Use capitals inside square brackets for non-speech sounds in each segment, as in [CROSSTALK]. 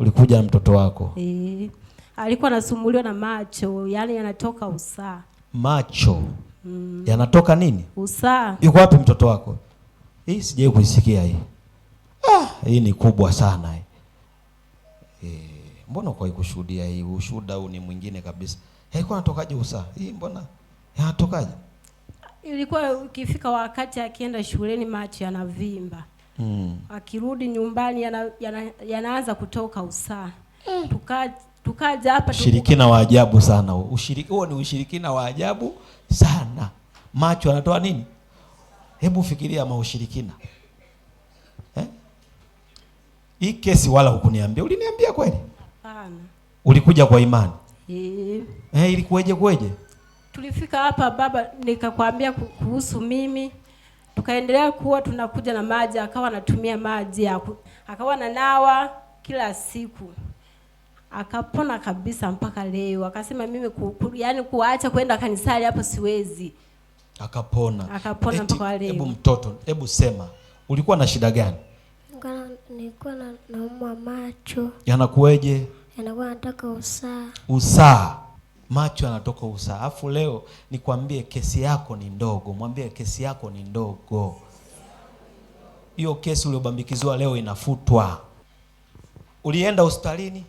ulikuja mtoto wako e, alikuwa anasumbuliwa na macho, yani yanatoka usaa. Macho mm. yanatoka nini? Usaa. Yuko wapi mtoto wako? Hii sijawahi kuisikia hii. Ah, hii ni kubwa sana hii. E, mbona kwa kushuhudia hii? Ushuhuda huu ni mwingine kabisa. Haikuwa anatokaje usaa? Hii mbona yanatokaje? Ilikuwa ukifika wakati akienda shuleni macho yanavimba mm. akirudi nyumbani yanaanza yana, yana kutoka usaa mm. tukaja hapa ushirikina wa ajabu sana huo ushiriki, ni ushirikina wa ajabu sana macho anatoa nini hebu fikiria maushirikina eh? hii kesi wala hukuniambia uliniambia kweli hapana ulikuja kwa imani e. eh, eh ilikuweje kweje tulifika hapa baba nikakwambia kuhusu mimi tukaendelea kuwa tunakuja na maji, akawa anatumia maji ya akawa ananawa kila siku, akapona kabisa mpaka leo. Akasema mimi ku, ku, yani kuacha kwenda kanisani hapo siwezi. Akapona, akapona mpaka leo. Hebu mtoto, hebu sema ulikuwa na shida gani? Nilikuwa na naumwa macho. Yanakuweje? Yanakuwa nataka usaa. Usaa macho yanatoka usaha. Alafu leo nikwambie, kesi yako ni ndogo. Mwambie kesi yako ni ndogo. Hiyo kesi uliyobambikiziwa leo inafutwa. Ulienda hospitalini?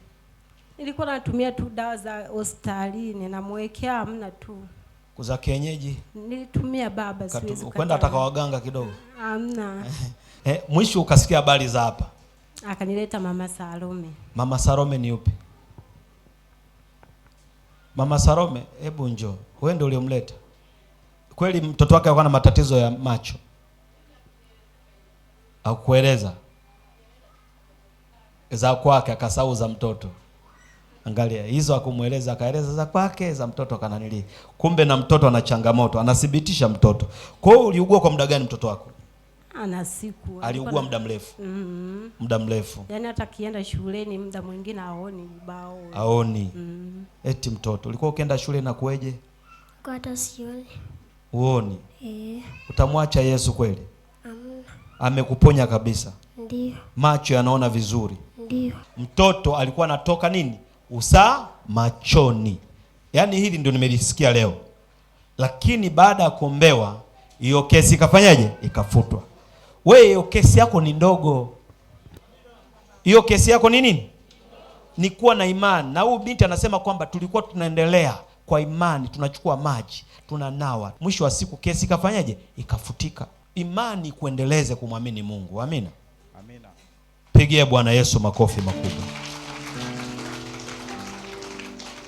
Nilikuwa natumia tu dawa za hospitalini, namwekea amna tu za kienyeji nilitumia baba, siwezi kwenda ataka waganga kidogo, amna. [LAUGHS] eh. Mwisho ukasikia habari za hapa, akanileta mama Salome. Mama Salome ni upi? Mama Salome, hebu njoo. Wewe ndio uliomleta kweli? Mtoto wake alikuwa na matatizo ya macho, akueleza za kwake, akasahau za mtoto. Angalia hizo, akumweleza akaeleza za kwake, za mtoto kananili. Kumbe na mtoto ana changamoto, anathibitisha mtoto. Kwa hiyo uliugua kwa muda gani mtoto wako? Ana siku aliugua muda mrefu mm muda mrefu, yaani hata akienda shuleni muda mwingine aoni ubao aoni mm -hmm. Eti mtoto, ulikuwa ukienda shule na Kwa Hata sioni. Uoni? E. Eh. Utamwacha Yesu kweli? Amina. Amekuponya kabisa? Ndiyo. Macho yanaona vizuri? Ndiyo. Mtoto alikuwa anatoka nini? Usaa machoni. Yaani hili ndio nimelisikia leo, lakini baada ya kuombewa hiyo kesi ikafanyaje? Ikafutwa. We, hiyo kesi yako ni ndogo. Hiyo kesi yako ni nini? ni kuwa na imani, na huyu binti anasema kwamba tulikuwa tunaendelea kwa imani, tunachukua maji tunanawa. Mwisho wa siku kesi ikafanyaje? Ikafutika. Imani kuendeleze kumwamini Mungu. Amina, amina. Pigie Bwana Yesu makofi makubwa.